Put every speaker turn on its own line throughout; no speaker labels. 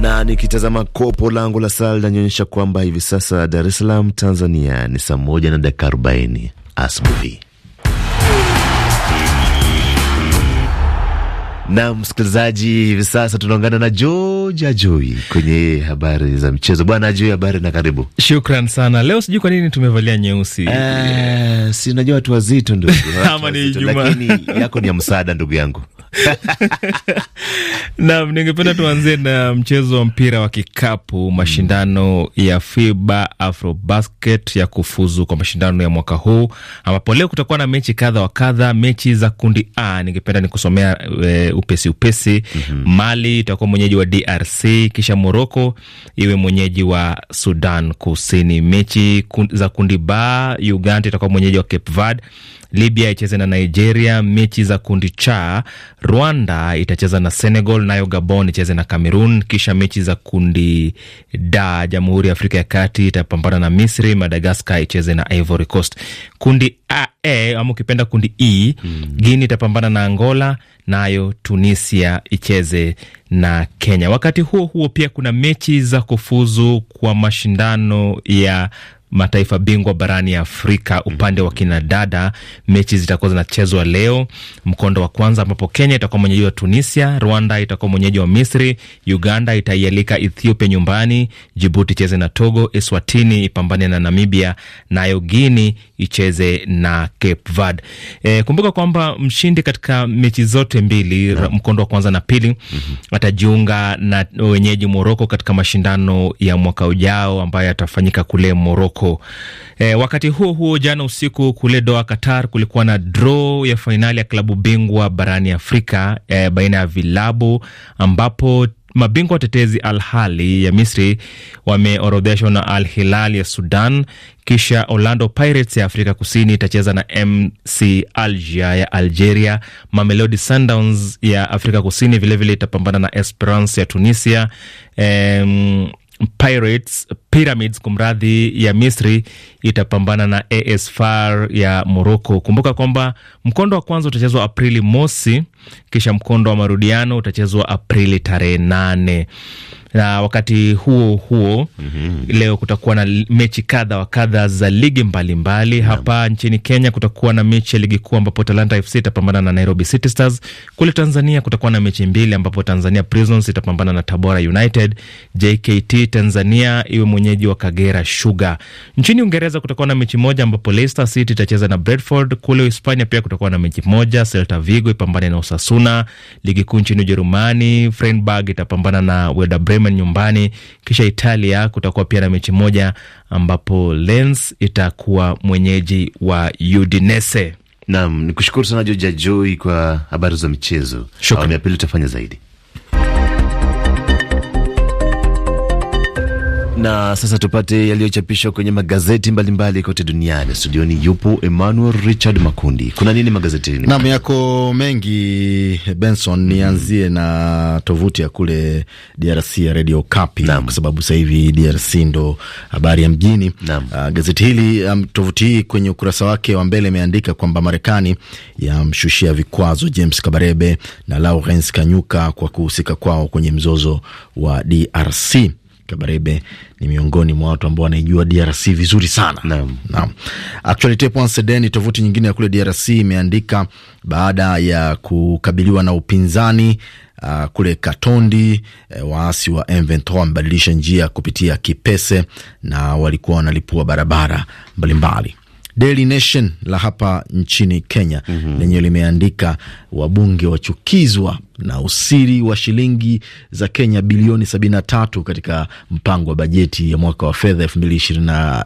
na nikitazama kopo langu la sala linanyonyesha kwamba hivi sasa Dar es Salaam Tanzania ni saa moja na dakika arobaini asubuhi. na msikilizaji, hivi sasa tunaungana na George Ajoi kwenye habari za mchezo. Bwana Ajoi, habari na karibu.
Shukran sana. Leo sijui kwa nini tumevalia nyeusi. Yeah. Si unajua watu wazito ndugu, ama ni lakini yako ni ya msaada ndugu yangu Naam, ningependa tuanzie na mchezo wa mpira wa kikapu, mashindano ya FIBA Afrobasket ya kufuzu kwa mashindano ya mwaka huu, ambapo leo kutakuwa na mechi kadha wa kadha. Mechi za kundi A ningependa nikusomea e, upesi upesi. mm -hmm. Mali itakuwa mwenyeji wa DRC, kisha Morocco iwe mwenyeji wa Sudan Kusini. Mechi za kundi B, Uganda itakuwa mwenyeji wa Cape Verde, Libya icheze na Nigeria mechi za kundi cha. Rwanda itacheza na Senegal, nayo Gabon icheze na Cameroon, kisha mechi za kundi da. Jamhuri ya Afrika ya Kati itapambana na Misri, madagascar icheze na Ivory Coast. Kundi A, e, ama ukipenda kundi E, hmm. Guinea itapambana na Angola, nayo Tunisia icheze na Kenya. Wakati huo huo pia kuna mechi za kufuzu kwa mashindano ya mataifa bingwa barani ya Afrika upande wa kinadada, mechi zitakuwa zinachezwa leo, mkondo wa kwanza, ambapo Kenya itakuwa mwenyeji wa Tunisia, Rwanda itakuwa mwenyeji wa Misri, Uganda itaialika Ethiopia nyumbani, Jibuti icheze na Togo, Eswatini ipambane na Namibia, nayo Guini icheze na Cape Verde. E, kumbuka kwamba mshindi katika mechi zote mbili no. mkondo wa kwanza na pili mm -hmm. atajiunga na wenyeji Moroko katika mashindano ya mwaka ujao ambayo yatafanyika kule Moroko huko. E, eh, wakati huo huo, jana usiku kule Doha, Qatar, kulikuwa na draw ya fainali ya klabu bingwa barani Afrika e, baina ya vilabu ambapo mabingwa watetezi Al Hali ya Misri wameorodheshwa na Al Hilal ya Sudan, kisha Orlando Pirates ya Afrika Kusini itacheza na MC Alger ya Algeria. Mamelodi Sundowns ya Afrika Kusini vilevile itapambana na Esperance ya Tunisia. Pirates, Pyramids kumradhi, ya Misri itapambana na AS FAR ya Morocco. Kumbuka kwamba mkondo wa kwanza utachezwa Aprili mosi, kisha mkondo wa marudiano utachezwa Aprili tarehe nane na wakati huo huo mm -hmm. Leo kutakuwa na mechi kadha wa kadha za ligi mbalimbali mbali. Hapa yeah. nchini Kenya kutakuwa na mechi ya ligi kuu ambapo Talanta FC itapambana na Nairobi City Stars. Kule Tanzania kutakuwa na mechi mbili ambapo Tanzania Prisons itapambana na Tabora United. JKT Tanzania iwe mwenyeji wa Kagera Sugar. Nchini Uingereza kutakuwa na mechi moja ambapo Leicester City itacheza na Brentford. Kule Hispania pia kutakuwa na mechi moja, Celta Vigo ipambane na Osasuna. Ligi kuu nchini Ujerumani, Freiburg itapambana na Werder Bremen Dortmund nyumbani. Kisha Italia kutakuwa pia na mechi moja ambapo Lens itakuwa mwenyeji wa Udinese. Nam ni kushukuru sana Joja Joi
kwa habari za michezo. Awamu ya pili utafanya zaidi. Na sasa tupate yaliyochapishwa kwenye magazeti mbalimbali mbali kote duniani. Studioni yupo Emmanuel Richard Makundi. Kuna nini magazetini?
nam yako mengi Benson. Mm -hmm. Nianzie na tovuti ya kule DRC ya Radio Kapi, kwa sababu sasa hivi DRC ndo habari ya mjini. Uh, gazeti hili um, tovuti hii kwenye ukurasa wake wa mbele imeandika kwamba Marekani yamshushia vikwazo James Kabarebe na Lawrence Kanyuka kwa kuhusika kwao kwenye mzozo wa DRC. Kabarebe ni miongoni mwa watu ambao wanaijua DRC vizuri sana. Naam. Naam. Actualite.cd tovuti nyingine ya kule DRC imeandika baada ya kukabiliwa na upinzani Uh, kule Katondi eh, waasi wa M23 wamebadilisha njia kupitia Kipese na walikuwa wanalipua barabara mbalimbali. Daily Nation la hapa nchini Kenya mm -hmm. limeandika wabunge wachukizwa na usiri wa shilingi za Kenya bilioni 73 katika mpango wa bajeti ya mwaka wa fedha 2025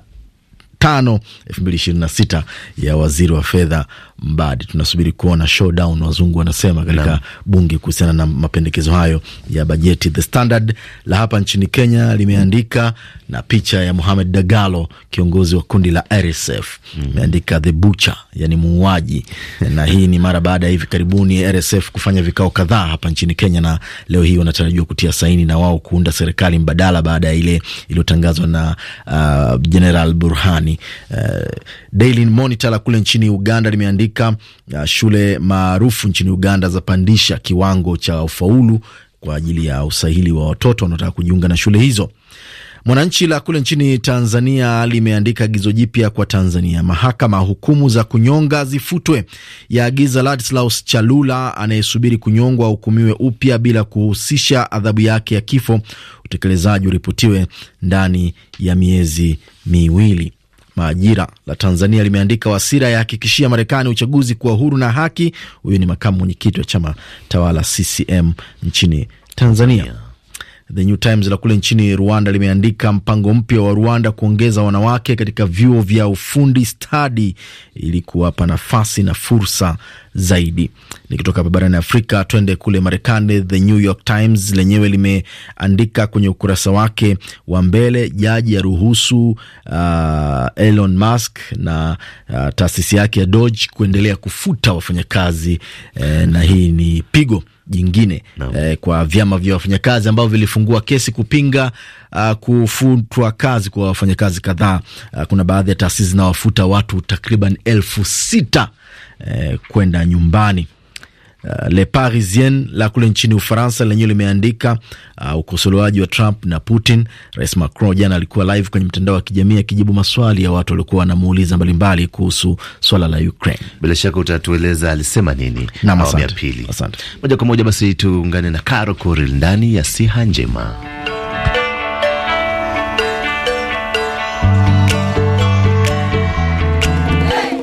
2026 ya waziri wa fedha Mbadi. Tunasubiri kuona showdown, wazungu wanasema, katika bunge kuhusiana na mapendekezo hayo ya bajeti. The Standard la hapa nchini Kenya limeandika na picha ya Mohamed Dagalo, kiongozi wa kundi la RSF imeandika mm -hmm. the butcher, yani muuaji na hii ni mara baada ya hivi karibuni RSF kufanya vikao kadhaa hapa nchini Kenya, na leo hii wanatarajiwa kutia saini na wao kuunda serikali mbadala baada ya ile iliyotangazwa na uh, General Burhani. Uh, Daily Monitor la kule nchini Uganda limeandika kadhalika shule maarufu nchini Uganda zapandisha kiwango cha ufaulu kwa ajili ya usahili wa watoto wanaotaka kujiunga na shule hizo. Mwananchi la kule nchini Tanzania limeandika agizo jipya kwa Tanzania, mahakama hukumu za kunyonga zifutwe, yaagiza Ladislaus Chalula anayesubiri kunyongwa ahukumiwe upya bila kuhusisha adhabu yake ya kifo, utekelezaji uripotiwe ndani ya miezi miwili. Majira la Tanzania limeandika Wasira yahakikishia Marekani uchaguzi kuwa huru na haki. Huyu ni makamu mwenyekiti wa chama tawala CCM nchini Tanzania. The New Times la kule nchini Rwanda limeandika mpango mpya wa Rwanda kuongeza wanawake katika vyuo vya ufundi stadi ili kuwapa nafasi na fursa zaidi. Nikitoka hapa barani Afrika, twende kule Marekani. The New York Times lenyewe limeandika kwenye ukurasa wake wa mbele, jaji ruhusu uh, Elon Musk na uh, taasisi yake ya Doge kuendelea kufuta wafanyakazi eh, na hii ni pigo jingine eh, kwa vyama vya wafanyakazi ambao vilifungua kesi kupinga uh, kufutwa kazi kwa wafanyakazi kadhaa. Uh, kuna baadhi ya taasisi zinawafuta watu takriban elfu sita eh, kwenda nyumbani. Uh, Le Parisien la kule nchini Ufaransa lenyewe limeandika uh, ukosolewaji wa Trump na Putin. Rais Macron jana alikuwa live kwenye mtandao wa kijamii akijibu maswali ya watu waliokuwa wanamuuliza mbalimbali kuhusu swala la Ukraine.
Bila shaka utatueleza alisema nini awamu ya pili. moja kwa moja. Basi tuungane na Caro Koril ndani ya siha njema.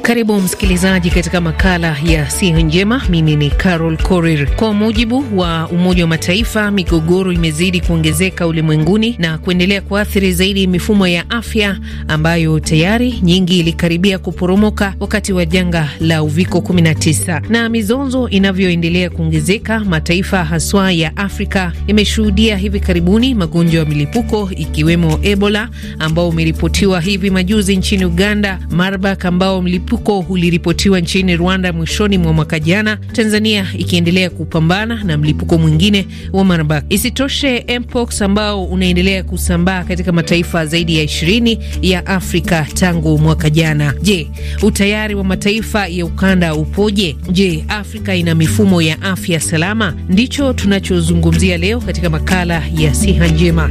Karibu msikilizaji katika makala ya siha njema. Mimi ni Carol Korir. Kwa mujibu wa Umoja wa Mataifa, migogoro imezidi kuongezeka ulimwenguni na kuendelea kuathiri zaidi mifumo ya afya ambayo tayari nyingi ilikaribia kuporomoka wakati wa janga la uviko 19. Na mizonzo inavyoendelea kuongezeka, mataifa haswa ya Afrika yameshuhudia hivi karibuni magonjwa ya milipuko ikiwemo Ebola ambao umeripotiwa hivi majuzi nchini Uganda, Marburg ambao mlipuko mlipuko uliripotiwa nchini Rwanda mwishoni mwa mwaka jana, Tanzania ikiendelea kupambana na mlipuko mwingine wa Marburg. Isitoshe, mpox ambao unaendelea kusambaa katika mataifa zaidi ya ishirini ya Afrika tangu mwaka jana. Je, utayari wa mataifa ya ukanda upoje? Je, Afrika ina mifumo ya afya salama? Ndicho tunachozungumzia leo katika makala ya siha njema.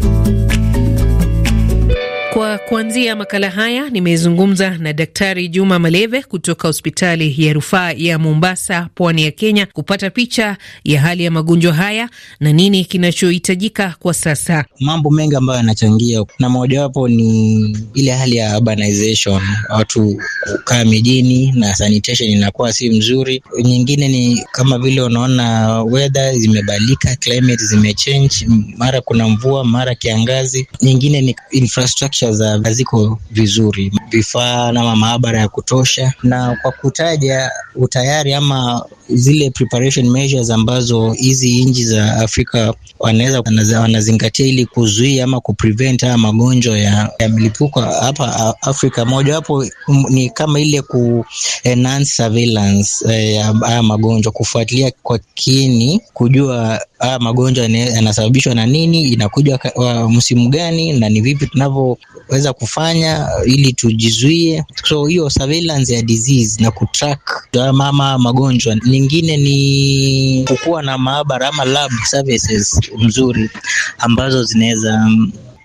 Kwa kuanzia makala haya nimezungumza na Daktari Juma Maleve kutoka hospitali ya rufaa ya Mombasa, pwani ya Kenya, kupata picha ya hali ya magonjwa haya na nini kinachohitajika kwa sasa.
Mambo mengi ambayo yanachangia, na mojawapo ni ile hali ya urbanization, watu kukaa mijini na sanitation inakuwa si mzuri. Nyingine ni kama vile unaona weather zimebadilika, climate zimechange, mara kuna mvua, mara kiangazi. Nyingine ni infrastructure kuhakikisha za vizuri, vifaa na maabara ya kutosha, na kwa kutaja utayari ama zile preparation measures ambazo hizi nchi za Afrika wanaweza wanazingatia ili kuzuia ama kuprevent haya magonjwa ya, ya mlipuko hapa Afrika. Mojawapo ni kama ile ku enhance surveillance eh, ya haya magonjwa, kufuatilia kwa kini kujua haya magonjwa yanasababishwa na nini, inakuja msimu gani na ni vipi tunavyo weza kufanya uh, ili tujizuie. So hiyo surveillance ya disease na kutrack mama magonjwa. Lingine ni kukuwa na maabara ama lab services mzuri ambazo zinaweza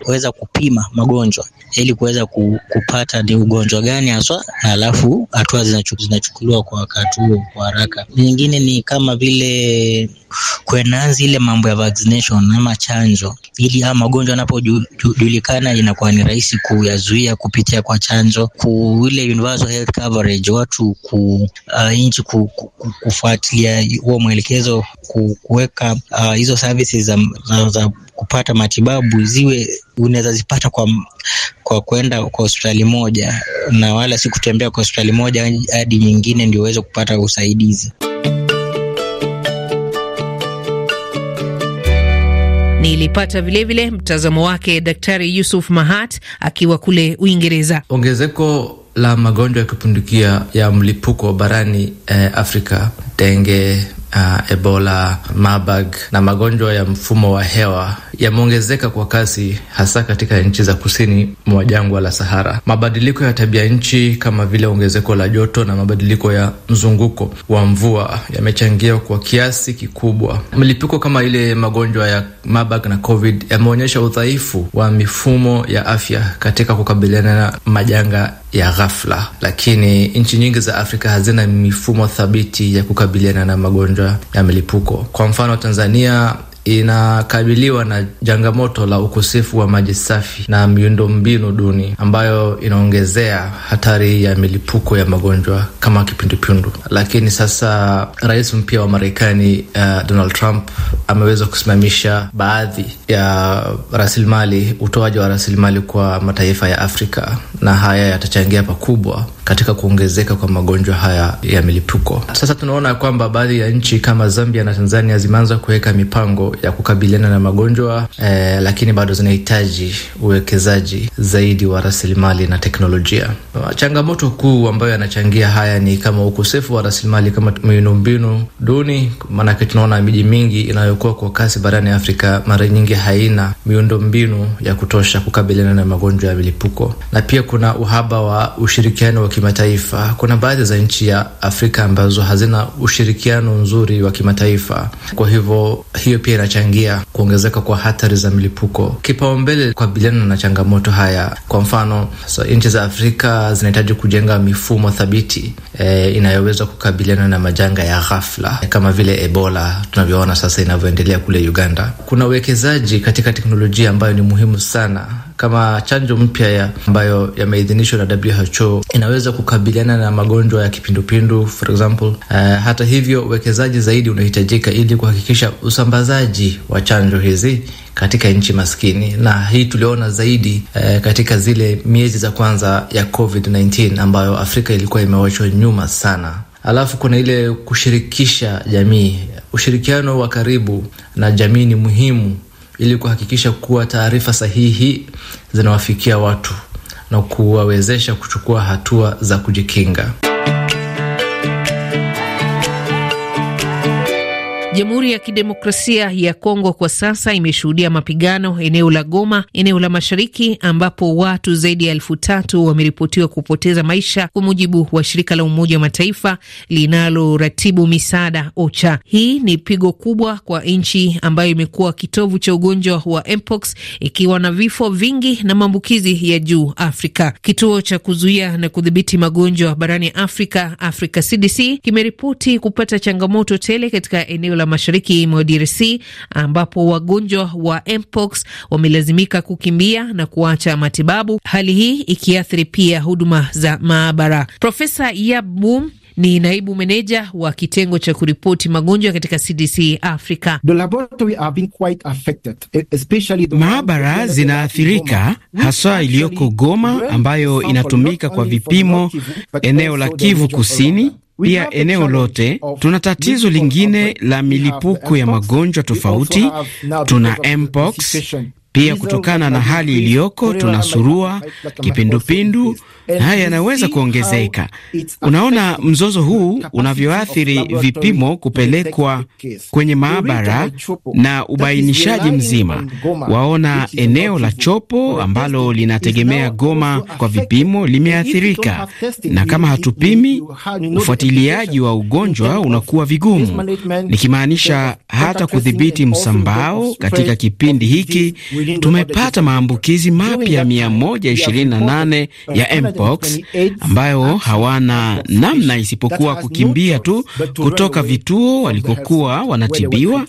kuweza kupima magonjwa ili kuweza kupata ni ugonjwa gani haswa, na alafu hatua zinachukuliwa kwa wakati huo kwa haraka. Nyingine ni kama vile kuenanzi ile mambo ya vaccination ama chanjo, ili haya magonjwa yanapojulikana inakuwa ni rahisi kuyazuia kupitia kwa chanjo. Ku ile universal health coverage, watu ku uh, nchi ku, ku, kufuatilia huo mwelekezo kuweka uh, hizo services za, za, za kupata matibabu ziwe unaweza zipata kwa kwa kwenda kwa hospitali moja, na wala si kutembea kwa hospitali moja hadi nyingine ndio uweze kupata usaidizi.
Nilipata vilevile mtazamo wake Daktari Yusuf Mahat akiwa kule Uingereza.
Ongezeko la magonjwa ya kupindukia ya mlipuko barani eh, Afrika denge, uh, Ebola, mabag na magonjwa ya mfumo wa hewa yameongezeka kwa kasi hasa katika nchi za kusini mwa jangwa la Sahara. Mabadiliko ya tabia nchi kama vile ongezeko la joto na mabadiliko ya mzunguko wa mvua yamechangia kwa kiasi kikubwa. Mlipuko kama ile magonjwa ya Marburg na Covid yameonyesha udhaifu wa mifumo ya afya katika kukabiliana na majanga ya ghafla, lakini nchi nyingi za Afrika hazina mifumo thabiti ya kukabiliana kukabiliana na magonjwa ya milipuko. Kwa mfano, Tanzania inakabiliwa na changamoto la ukosefu wa maji safi na miundombinu duni ambayo inaongezea hatari ya milipuko ya magonjwa kama kipindupindu. Lakini sasa rais mpya wa Marekani uh, Donald Trump ameweza kusimamisha baadhi ya rasilimali, utoaji wa rasilimali kwa mataifa ya Afrika, na haya yatachangia pakubwa katika kuongezeka kwa magonjwa haya ya milipuko. Sasa tunaona kwamba baadhi ya nchi kama Zambia na Tanzania zimeanza kuweka mipango ya kukabiliana na magonjwa eh, lakini bado zinahitaji uwekezaji zaidi wa rasilimali na teknolojia. Changamoto kuu ambayo yanachangia haya ni kama ukosefu wa rasilimali kama miundombinu duni, maanake tunaona miji mingi inayokuwa kwa kasi barani Afrika mara nyingi haina miundombinu ya kutosha kukabiliana na magonjwa ya milipuko, na pia kuna uhaba wa ushirikiano wa kimataifa. Kuna baadhi za nchi ya Afrika ambazo hazina ushirikiano nzuri wa kimataifa, kwa hivyo hiyo pia inachangia kuongezeka kwa hatari za milipuko. Kipaumbele kukabiliana na changamoto haya, kwa mfano so, nchi za Afrika zinahitaji kujenga mifumo thabiti e, inayoweza kukabiliana na majanga ya ghafla kama vile Ebola tunavyoona sasa inavyoendelea kule Uganda. Kuna uwekezaji katika teknolojia ambayo ni muhimu sana kama chanjo mpya ya ambayo yameidhinishwa na WHO inaweza kukabiliana na magonjwa ya kipindupindu for example. Uh, hata hivyo uwekezaji zaidi unahitajika ili kuhakikisha usambazaji wa chanjo hizi katika nchi maskini, na hii tuliona zaidi uh, katika zile miezi za kwanza ya COVID-19 ambayo Afrika ilikuwa imewachwa nyuma sana. Alafu kuna ile kushirikisha jamii, ushirikiano wa karibu na jamii ni muhimu ili kuhakikisha kuwa taarifa sahihi zinawafikia watu na kuwawezesha kuchukua hatua za kujikinga.
Jamhuri ya Kidemokrasia ya Kongo kwa sasa imeshuhudia mapigano eneo la Goma, eneo la mashariki, ambapo watu zaidi ya elfu tatu wameripotiwa kupoteza maisha, kwa mujibu wa shirika la Umoja wa Mataifa linaloratibu misaada OCHA. Hii ni pigo kubwa kwa nchi ambayo imekuwa kitovu cha ugonjwa wa mpox, ikiwa na vifo vingi na maambukizi ya juu Afrika. Kituo cha kuzuia na kudhibiti magonjwa barani Afrika, Africa CDC, kimeripoti kupata changamoto tele katika eneo la mashariki mwa DRC ambapo wagonjwa wa mpox wamelazimika kukimbia na kuacha matibabu, hali hii ikiathiri pia huduma za maabara. Profesa Yabum ni naibu meneja wa kitengo cha kuripoti magonjwa katika CDC Africa.
Maabara zinaathirika haswa iliyoko Goma ambayo inatumika kwa vipimo eneo la Kivu Kusini pia eneo lote tuna tatizo lingine la milipuko ya magonjwa tofauti. Tuna mpox pia kutokana na hali iliyoko, tuna surua, kipindupindu na haya yanaweza kuongezeka. Unaona mzozo huu unavyoathiri vipimo kupelekwa kwenye maabara na ubainishaji mzima. Waona eneo la Chopo ambalo linategemea Goma kwa vipimo limeathirika, na kama hatupimi, ufuatiliaji wa ugonjwa unakuwa vigumu, nikimaanisha hata kudhibiti msambao katika kipindi hiki tumepata maambukizi mapya 128 ya mpox ambayo hawana namna isipokuwa kukimbia tu kutoka vituo walikokuwa wanatibiwa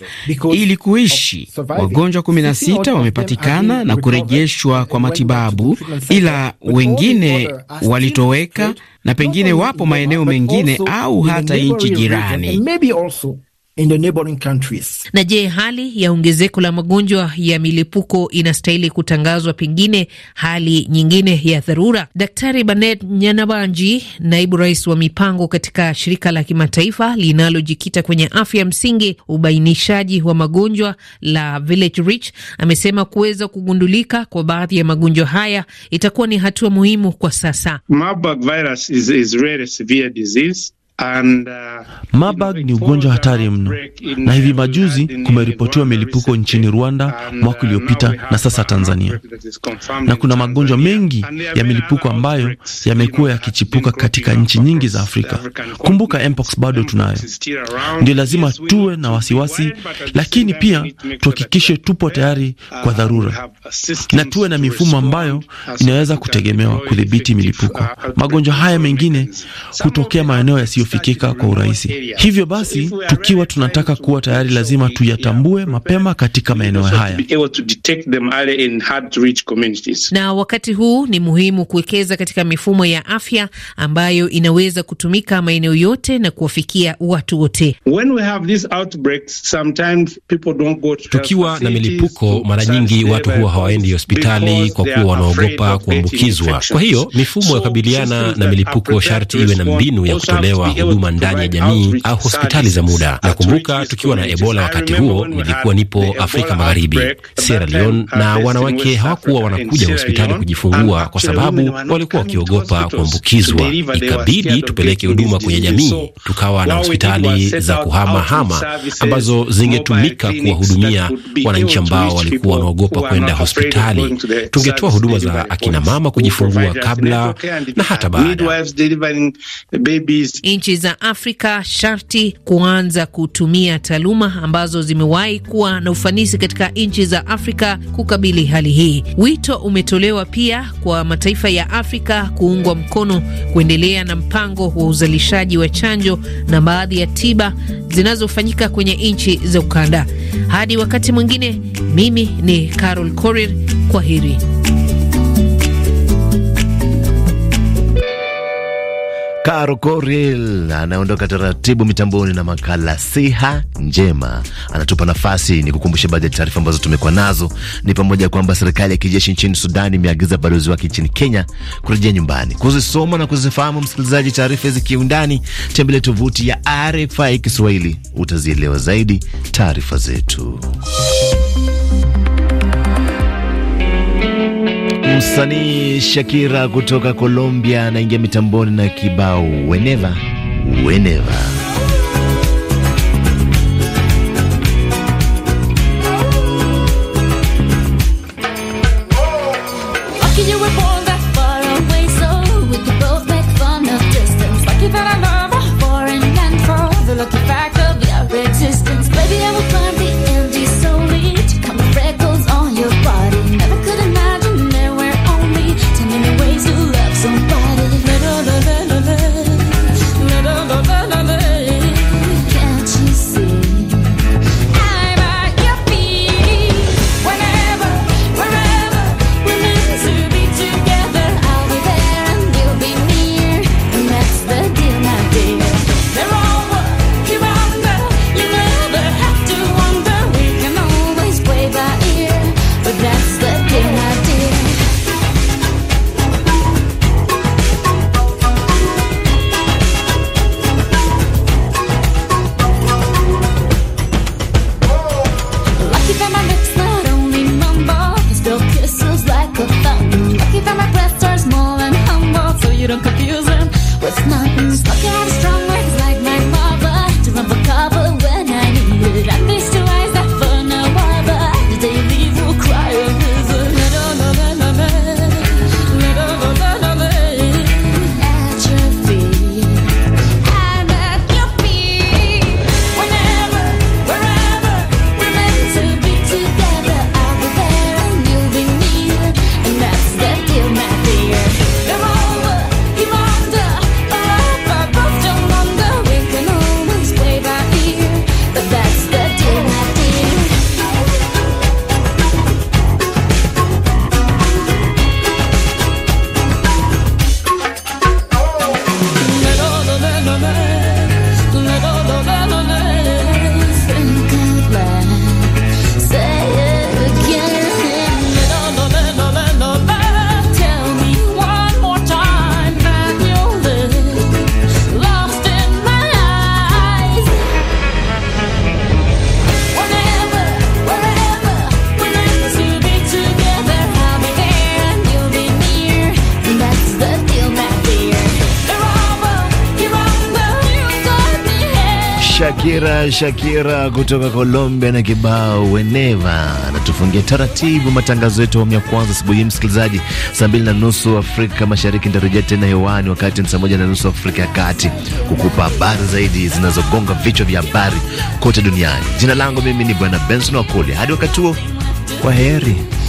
ili kuishi. Wagonjwa 16 wamepatikana na kurejeshwa kwa matibabu, ila wengine walitoweka na pengine wapo maeneo mengine au hata nchi jirani.
In the neighboring countries.
Na je, hali ya ongezeko la magonjwa ya milipuko inastahili kutangazwa pengine hali nyingine ya dharura? Daktari Banet Nyanabanji, naibu rais wa mipango katika shirika la kimataifa linalojikita kwenye afya msingi, ubainishaji wa magonjwa la Village Reach, amesema kuweza kugundulika kwa baadhi ya magonjwa haya itakuwa ni hatua muhimu kwa sasa.
Marburg
virus is, is rare severe disease. And, uh,
Marburg ni ugonjwa hatari mno, na hivi majuzi kumeripotiwa milipuko nchini Rwanda mwaka uh, uliopita na sasa Tanzania, na kuna magonjwa mengi ya milipuko ambayo yamekuwa yakichipuka katika nchi nyingi za Afrika. Kumbuka mpox bado tunayo, ndio lazima tuwe na wasiwasi, lakini pia tuhakikishe tupo tayari kwa uh, dharura na tuwe na mifumo ambayo inaweza kutegemewa kudhibiti milipuko. Magonjwa haya mengine hutokea maeneo yasiyo yasiyofikika kwa urahisi. Hivyo basi, tukiwa tunataka kuwa tayari, lazima tuyatambue mapema katika maeneo haya.
Na wakati huu ni muhimu kuwekeza katika mifumo ya afya ambayo inaweza kutumika maeneo yote na kuwafikia watu wote.
Tukiwa na milipuko, mara nyingi watu huwa hawaendi hospitali kwa kuwa wanaogopa kuambukizwa. Kwa hiyo mifumo ya kukabiliana na milipuko sharti iwe na mbinu ya kutolewa huduma ndani ya jamii au hospitali za muda. Nakumbuka tukiwa na Ebola wakati huo, nilikuwa nipo Afrika Magharibi, Sierra Leone, uh, na wanawake hawakuwa wanakuja hospitali kujifungua kwa sababu walikuwa wakiogopa kuambukizwa. Ikabidi tupeleke huduma kwenye jamii, tukawa na hospitali za kuhamahama ambazo zingetumika kuwahudumia wananchi ambao walikuwa wanaogopa kwenda hospitali. Tungetoa huduma za akinamama kujifungua kabla na hata baada
nchi za Afrika sharti kuanza kutumia taaluma ambazo zimewahi kuwa na ufanisi katika nchi za Afrika kukabili hali hii. Wito umetolewa pia kwa mataifa ya Afrika kuungwa mkono kuendelea na mpango wa uzalishaji wa chanjo na baadhi ya tiba zinazofanyika kwenye nchi za ukanda. Hadi wakati mwingine, mimi ni Carol Korir, kwa heri.
karo Koril anaondoka taratibu mitamboni na makala siha njema, anatupa nafasi ni kukumbusha baadhi ya taarifa ambazo tumekuwa nazo. Ni pamoja kwamba serikali ya kijeshi nchini Sudani imeagiza balozi wake nchini Kenya kurejea nyumbani. Kuzisoma na kuzifahamu, msikilizaji, taarifa hizi kiundani, tembele tovuti ya RFI Kiswahili, utazielewa zaidi taarifa zetu. Msanii Shakira kutoka Colombia anaingia mitamboni na kibao Whenever Whenever Shakira Shakira kutoka Colombia na kibao weneva anatufungia taratibu matangazo yetu awamu ya kwanza asubuhi, msikilizaji. Saa mbili na nusu Afrika Mashariki nitarejea tena hewani, wakati ni saa moja na nusu Afrika ya Kati kukupa habari zaidi zinazogonga vichwa vya habari kote
duniani. Jina langu mimi ni Bwana Benson Wakoli. Hadi wakati huo, kwa heri.